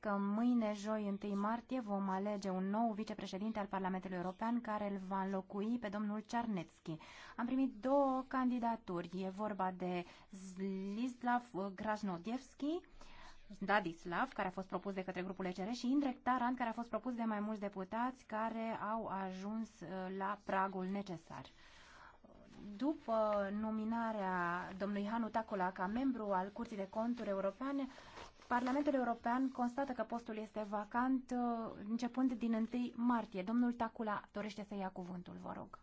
că mâine, joi, 1 martie, vom alege un nou vicepreședinte al Parlamentului European care îl va înlocui pe domnul Cearnețchi. Am primit două candidaturi. E vorba de Zlislav uh, Grajnodievski, Dadislav, care a fost propus de către grupul ECR, și Indrek Taran, care a fost propus de mai mulți deputați care au ajuns uh, la pragul necesar după nominarea domnului Hanu Tacola ca membru al Curții de Conturi Europene, Parlamentul European constată că postul este vacant uh, începând din 1 martie. Domnul Tacula dorește să ia cuvântul, vă rog.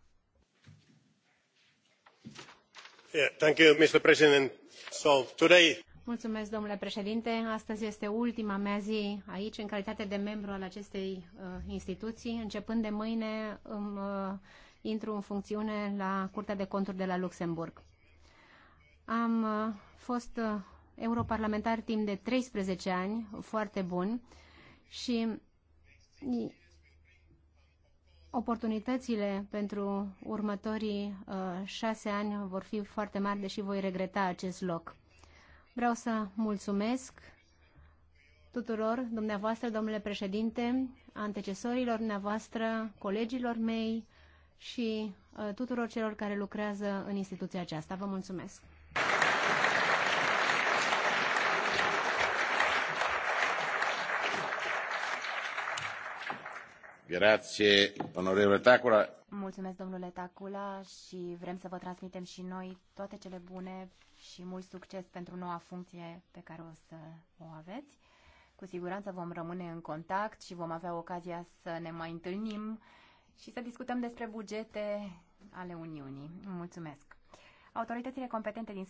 Yeah, thank you, Mr. President. So, today... Mulțumesc, domnule președinte. Astăzi este ultima mea zi aici, în calitate de membru al acestei uh, instituții. Începând de mâine, îmi, uh, intru în funcțiune la Curtea de Conturi de la Luxemburg. Am uh, fost uh, europarlamentar timp de 13 ani, foarte bun, și oportunitățile pentru următorii uh, șase ani vor fi foarte mari, deși voi regreta acest loc. Vreau să mulțumesc tuturor, dumneavoastră, domnule președinte, antecesorilor dumneavoastră, colegilor mei și uh, tuturor celor care lucrează în instituția aceasta. Vă mulțumesc! Mulțumesc, domnule Tacula, și vrem să vă transmitem și noi toate cele bune și mult succes pentru noua funcție pe care o să o aveți. Cu siguranță vom rămâne în contact și vom avea ocazia să ne mai întâlnim și să discutăm despre bugete ale Uniunii. Mulțumesc! Autoritățile competente din